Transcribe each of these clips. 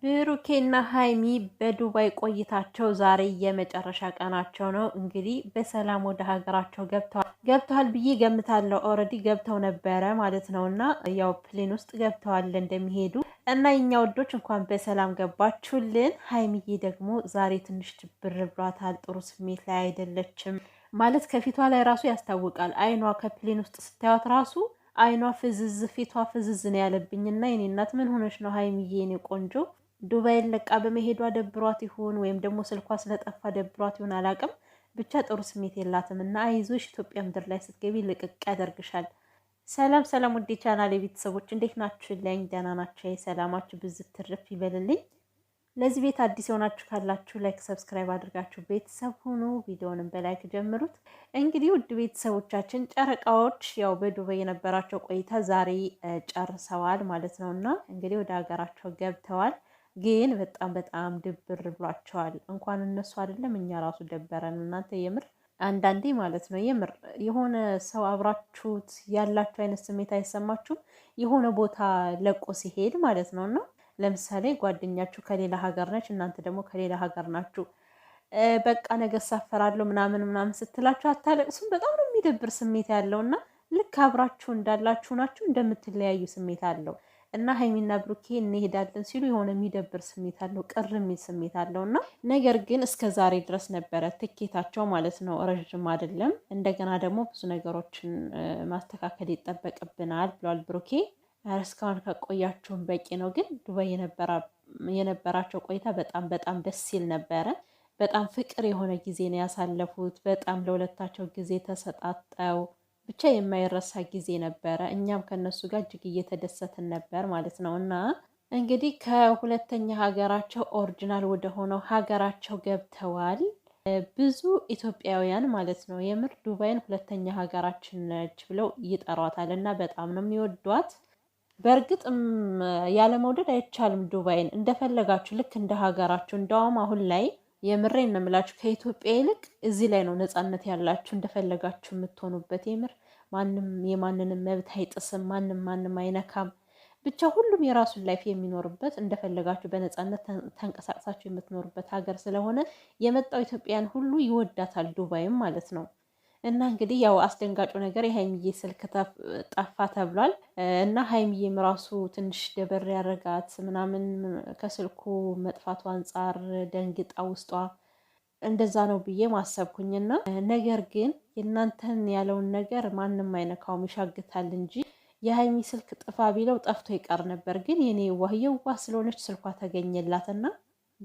ብሩኬና ሀይሚ በዱባይ ቆይታቸው ዛሬ የመጨረሻ ቀናቸው ነው። እንግዲህ በሰላም ወደ ሀገራቸው ገብተዋል ገብተዋል ብዬ ገምታለሁ። ኦልሬዲ ገብተው ነበረ ማለት ነው እና ያው ፕሌን ውስጥ ገብተዋል እንደሚሄዱ እና የኛ ወዶች እንኳን በሰላም ገባችሁልን። ሀይሚዬ ደግሞ ዛሬ ትንሽ ድብር ብሏታል። ጥሩ ስሜት ላይ አይደለችም ማለት ከፊቷ ላይ ራሱ ያስታውቃል። አይኗ ከፕሌን ውስጥ ስታዩት ራሱ አይኗ ፍዝዝ ፊቷ ፍዝዝ ነው ያለብኝ እና የኔ እናት ምን ሆነች ነው ሀይሚዬ የኔ ቆንጆ ዱባይን ለቃ በመሄዷ ደብሯት ይሆን ወይም ደግሞ ስልኳ ስለጠፋ ደብሯት ይሆን አላውቅም ብቻ ጥሩ ስሜት የላትም እና አይዞሽ ኢትዮጵያ ምድር ላይ ስትገቢ ልቅቅ ያደርግሻል ሰላም ሰላም ውዴ ቻናል የቤተሰቦች እንዴት ናችሁ ለኝ ደህና ናቸው የሰላማችሁ ብዝት ትርፍ ይበልልኝ ለዚህ ቤት አዲስ የሆናችሁ ካላችሁ ላይክ፣ ሰብስክራይብ አድርጋችሁ ቤተሰብ ሆኖ ቪዲዮውንም በላይክ ጀምሩት። እንግዲህ ውድ ቤተሰቦቻችን ጨረቃዎች ያው በዱባይ የነበራቸው ቆይታ ዛሬ ጨርሰዋል ማለት ነው እና እንግዲህ ወደ ሀገራቸው ገብተዋል። ግን በጣም በጣም ድብር ብሏቸዋል። እንኳን እነሱ አይደለም እኛ ራሱ ደበረን። እናንተ የምር አንዳንዴ ማለት ነው የምር የሆነ ሰው አብራችሁት ያላችሁ አይነት ስሜት አይሰማችሁም? የሆነ ቦታ ለቆ ሲሄድ ማለት ነው እና ለምሳሌ ጓደኛችሁ ከሌላ ሀገር ነች፣ እናንተ ደግሞ ከሌላ ሀገር ናችሁ። በቃ ነገ ሳፈራለሁ ምናምን ምናምን ስትላችሁ አታለቅሱም? በጣም ነው የሚደብር ስሜት ያለው እና ልክ አብራችሁ እንዳላችሁ ናችሁ እንደምትለያዩ ስሜት አለው እና ሀይሚና ብሩኬ እንሄዳለን ሲሉ የሆነ የሚደብር ስሜት አለው፣ ቅር የሚል ስሜት አለው እና ነገር ግን እስከ ዛሬ ድረስ ነበረ ትኬታቸው ማለት ነው። ረዥም አይደለም። እንደገና ደግሞ ብዙ ነገሮችን ማስተካከል ይጠበቅብናል ብሏል ብሩኬ። እስካሁን ከቆያችሁን በቂ ነው። ግን ዱባይ የነበራቸው ቆይታ በጣም በጣም ደስ ሲል ነበረ። በጣም ፍቅር የሆነ ጊዜ ነው ያሳለፉት። በጣም ለሁለታቸው ጊዜ ተሰጣጠው ብቻ የማይረሳ ጊዜ ነበረ። እኛም ከነሱ ጋር እጅግ እየተደሰትን ነበር ማለት ነው እና እንግዲህ ከሁለተኛ ሀገራቸው ኦሪጂናል ወደ ሆነው ሀገራቸው ገብተዋል። ብዙ ኢትዮጵያውያን ማለት ነው የምር ዱባይን ሁለተኛ ሀገራችን ነች ብለው ይጠሯታል እና በጣም ነው የሚወዷት። በእርግጥም ያለመውደድ አይቻልም ዱባይን እንደፈለጋችሁ ልክ እንደ ሀገራችሁ። እንደውም አሁን ላይ የምሬን ነው የምላችሁ ከኢትዮጵያ ይልቅ እዚህ ላይ ነው ነጻነት ያላችሁ እንደፈለጋችሁ የምትሆኑበት። የምር ማንም የማንንም መብት አይጥስም፣ ማንም ማንም አይነካም። ብቻ ሁሉም የራሱን ላይፍ የሚኖርበት እንደፈለጋችሁ በነጻነት ተንቀሳቅሳችሁ የምትኖርበት ሀገር ስለሆነ የመጣው ኢትዮጵያን ሁሉ ይወዳታል ዱባይም ማለት ነው። እና እንግዲህ ያው አስደንጋጩ ነገር የሀይምዬ ስልክ ጠፋ ተብሏል። እና ሀይምዬ ራሱ ትንሽ ደበር ያደረጋት ምናምን ከስልኩ መጥፋቱ አንጻር ደንግጣ ውስጧ እንደዛ ነው ብዬ ማሰብኩኝና ነገር ግን የእናንተን ያለውን ነገር ማንም አይነካውም ይሻግታል እንጂ የሀይሚ ስልክ ጥፋ ቢለው ጠፍቶ ይቀር ነበር። ግን የኔ ዋህየዋ ስለሆነች ስልኳ ተገኘላትና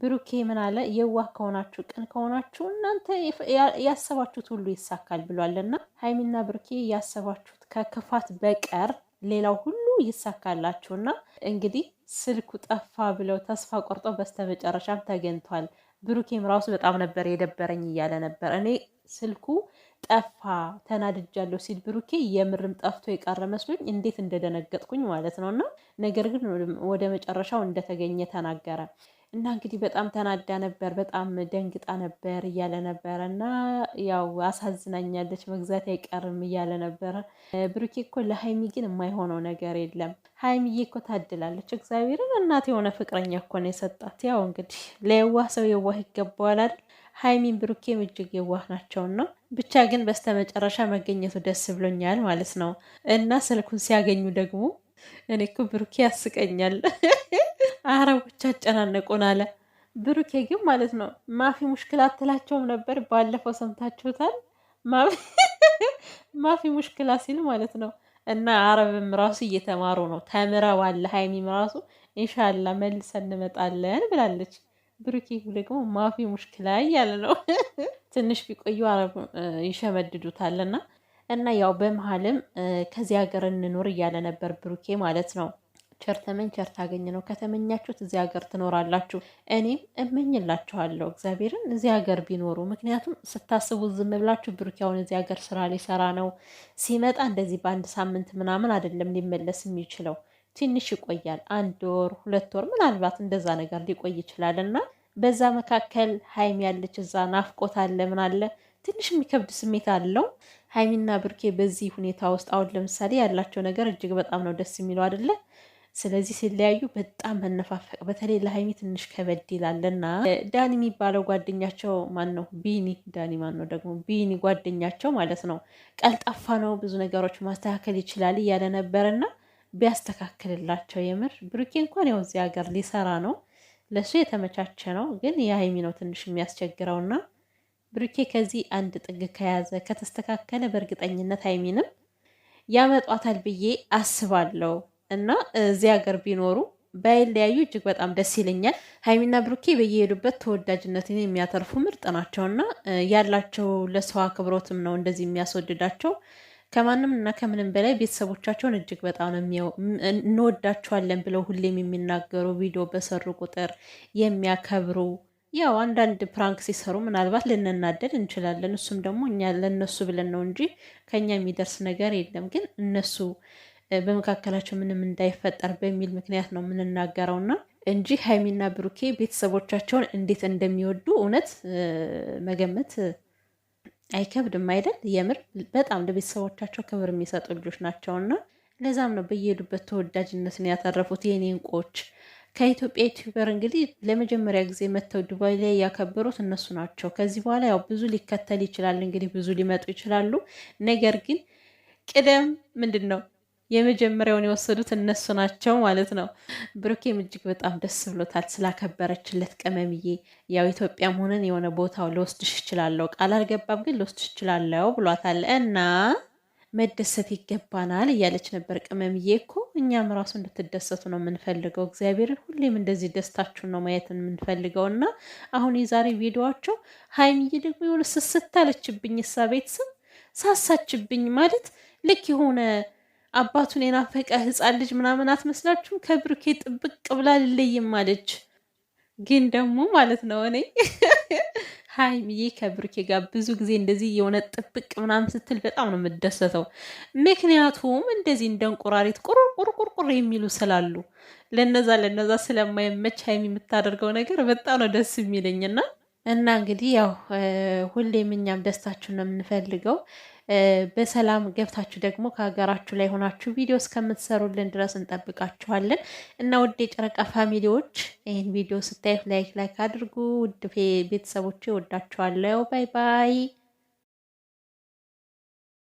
ብሩኬ ምን አለ? የዋህ ከሆናችሁ ቅን ከሆናችሁ እናንተ ያሰባችሁት ሁሉ ይሳካል ብሏል እና ሀይሚና ብሩኬ ያሰባችሁት ከክፋት በቀር ሌላው ሁሉ ይሳካላችሁ እና እንግዲህ ስልኩ ጠፋ ብለው ተስፋ ቆርጦ በስተመጨረሻም ተገኝቷል። ብሩኬም ራሱ በጣም ነበር የደበረኝ እያለ ነበር። እኔ ስልኩ ጠፋ ተናድጃለሁ ሲል ብሩኬ የምርም ጠፍቶ የቀረ መስሎኝ እንዴት እንደደነገጥኩኝ ማለት ነው እና ነገር ግን ወደ መጨረሻው እንደተገኘ ተናገረ። እና እንግዲህ በጣም ተናዳ ነበር፣ በጣም ደንግጣ ነበር እያለ ነበረ እና ያው አሳዝናኛለች፣ መግዛት አይቀርም እያለ ነበረ። ብሩኬ እኮ ለሀይሚ ግን የማይሆነው ነገር የለም። ሀይሚዬ እኮ ታድላለች፣ እግዚአብሔርን እናት የሆነ ፍቅረኛ እኮ ነው የሰጣት። ያው እንግዲህ ለየዋህ ሰው የዋህ ይገባዋል አይደል? ሀይሚን ብሩኬም እጅግ የዋህ ናቸውና ብቻ ግን በስተመጨረሻ መገኘቱ ደስ ብሎኛል ማለት ነው። እና ስልኩን ሲያገኙ ደግሞ እኔ እኮ ብሩኬ ያስቀኛል አረቦች አጨናነቁን አለ ብሩኬ። ግን ማለት ነው ማፊ ሙሽክላ አትላቸውም ነበር። ባለፈው ሰምታችሁታል። ማፊ ሙሽክላ ሲል ማለት ነው እና አረብም ራሱ እየተማሩ ነው ተምረዋል። ሀይሚም ራሱ ኢንሻላ መልሰን እንመጣለን ብላለች። ብሩኬ ደግሞ ማፊ ሙሽክላ እያለ ነው። ትንሽ ቢቆዩ አረብ እና እና ያው በመሀልም ከዚህ ሀገር እንኖር እያለ ነበር ብሩኬ ማለት ነው። ቸር ተመኝ ቸር ታገኝ ነው። ከተመኛችሁት እዚህ ሀገር ትኖራላችሁ። እኔም እመኝላችኋለሁ እግዚአብሔርን እዚህ ሀገር ቢኖሩ። ምክንያቱም ስታስቡ ዝም ብላችሁ ብሩኪያውን እዚህ ሀገር ስራ ሊሰራ ነው ሲመጣ እንደዚህ በአንድ ሳምንት ምናምን አይደለም ሊመለስ የሚችለው ትንሽ ይቆያል። አንድ ወር ሁለት ወር ምናልባት እንደዛ ነገር ሊቆይ ይችላል እና በዛ መካከል ሀይሚ ያለች እዛ ናፍቆት አለ ምን አለ ትንሽ የሚከብድ ስሜት አለው። ሀይሚና ብርኬ በዚህ ሁኔታ ውስጥ አሁን ለምሳሌ ያላቸው ነገር እጅግ በጣም ነው ደስ የሚለው አይደለም። ስለዚህ ሲለያዩ በጣም መነፋፈቅ በተለይ ለሀይሚ ትንሽ ከበድ ይላለና ዳኒ የሚባለው ጓደኛቸው ማን ነው? ቢኒ ዳኒ ማን ነው ደግሞ ቢኒ ጓደኛቸው ማለት ነው። ቀልጣፋ ነው፣ ብዙ ነገሮች ማስተካከል ይችላል እያለ ነበርና ቢያስተካክልላቸው የምር ብሩኬ እንኳን ያው እዚህ ሀገር ሊሰራ ነው ለእሱ የተመቻቸ ነው። ግን የሀይሚ ነው ትንሽ የሚያስቸግረውና ብሩኬ ከዚህ አንድ ጥግ ከያዘ ከተስተካከለ በእርግጠኝነት ሀይሚንም ያመጧታል ብዬ አስባለሁ። እና እዚህ ሀገር ቢኖሩ ባይለያዩ እጅግ በጣም ደስ ይለኛል። ሀይሚና ብሩኬ በየሄዱበት ተወዳጅነትን የሚያተርፉ ምርጥ ናቸው እና ያላቸው ለሰው አክብሮትም ነው እንደዚህ የሚያስወድዳቸው። ከማንም እና ከምንም በላይ ቤተሰቦቻቸውን እጅግ በጣም እንወዳቸዋለን ብለው ሁሌም የሚናገሩ ቪዲዮ በሰሩ ቁጥር የሚያከብሩ ያው አንዳንድ ፕራንክ ሲሰሩ ምናልባት ልንናደድ እንችላለን። እሱም ደግሞ እኛ ለእነሱ ብለን ነው እንጂ ከኛ የሚደርስ ነገር የለም። ግን እነሱ በመካከላቸው ምንም እንዳይፈጠር በሚል ምክንያት ነው የምንናገረው እና እንጂ ሀይሚና ብሩኬ ቤተሰቦቻቸውን እንዴት እንደሚወዱ እውነት መገመት አይከብድም አይደል? የምር በጣም ለቤተሰቦቻቸው ክብር የሚሰጡ ልጆች ናቸውና ለዛም ነው በየሄዱበት ተወዳጅነትን ያተረፉት የኔ እንቁዎች። ከኢትዮጵያ ዩቲዩበር እንግዲህ ለመጀመሪያ ጊዜ መጥተው ዱባይ ላይ ያከበሩት እነሱ ናቸው። ከዚህ በኋላ ያው ብዙ ሊከተል ይችላል እንግዲህ ብዙ ሊመጡ ይችላሉ። ነገር ግን ቅደም ምንድን ነው የመጀመሪያውን የወሰዱት እነሱ ናቸው ማለት ነው። ብሩኬም እጅግ በጣም ደስ ብሎታል ስላከበረችለት ቅመምዬ። ያው ኢትዮጵያም ሆነን የሆነ ቦታው ልወስድሽ እችላለሁ፣ ቃል አልገባም ግን ልወስድሽ እችላለሁ ብሏታል እና መደሰት ይገባናል እያለች ነበር። ቅመምዬ እኮ እኛም ራሱ እንድትደሰቱ ነው የምንፈልገው። እግዚአብሔርን ሁሌም እንደዚህ ደስታችሁን ነው ማየት የምንፈልገው እና አሁን የዛሬ ቪዲዮቸው ሀይሚዬ ደግሞ የሆነ ስስት አለችብኝ፣ እሳ ቤተሰብ ሳሳችብኝ ማለት ልክ የሆነ አባቱን የናፈቀ ህፃን ልጅ ምናምን አትመስላችሁም? ከብሩኬ ጥብቅ ብላ ልለይም አለች። ግን ደግሞ ማለት ነው እኔ ሀይሚዬ ከብሩኬ ጋር ብዙ ጊዜ እንደዚህ የሆነ ጥብቅ ምናምን ስትል በጣም ነው የምደሰተው። ምክንያቱም እንደዚህ እንደ እንቁራሪት ቁርቁርቁርቁር የሚሉ ስላሉ ለነዛ ለነዛ ስለማይመች ሀይሚ የምታደርገው ነገር በጣም ነው ደስ የሚለኝና እና እንግዲህ ያው ሁሌም እኛም ደስታችሁን ነው የምንፈልገው። በሰላም ገብታችሁ ደግሞ ከሀገራችሁ ላይ ሆናችሁ ቪዲዮ እስከምትሰሩልን ድረስ እንጠብቃችኋለን እና ውድ የጨረቃ ፋሚሊዎች ይህን ቪዲዮ ስታዩት ላይክ ላይክ አድርጉ። ውድ ቤተሰቦቼ ወዳችኋለሁ። ባይ ባይ።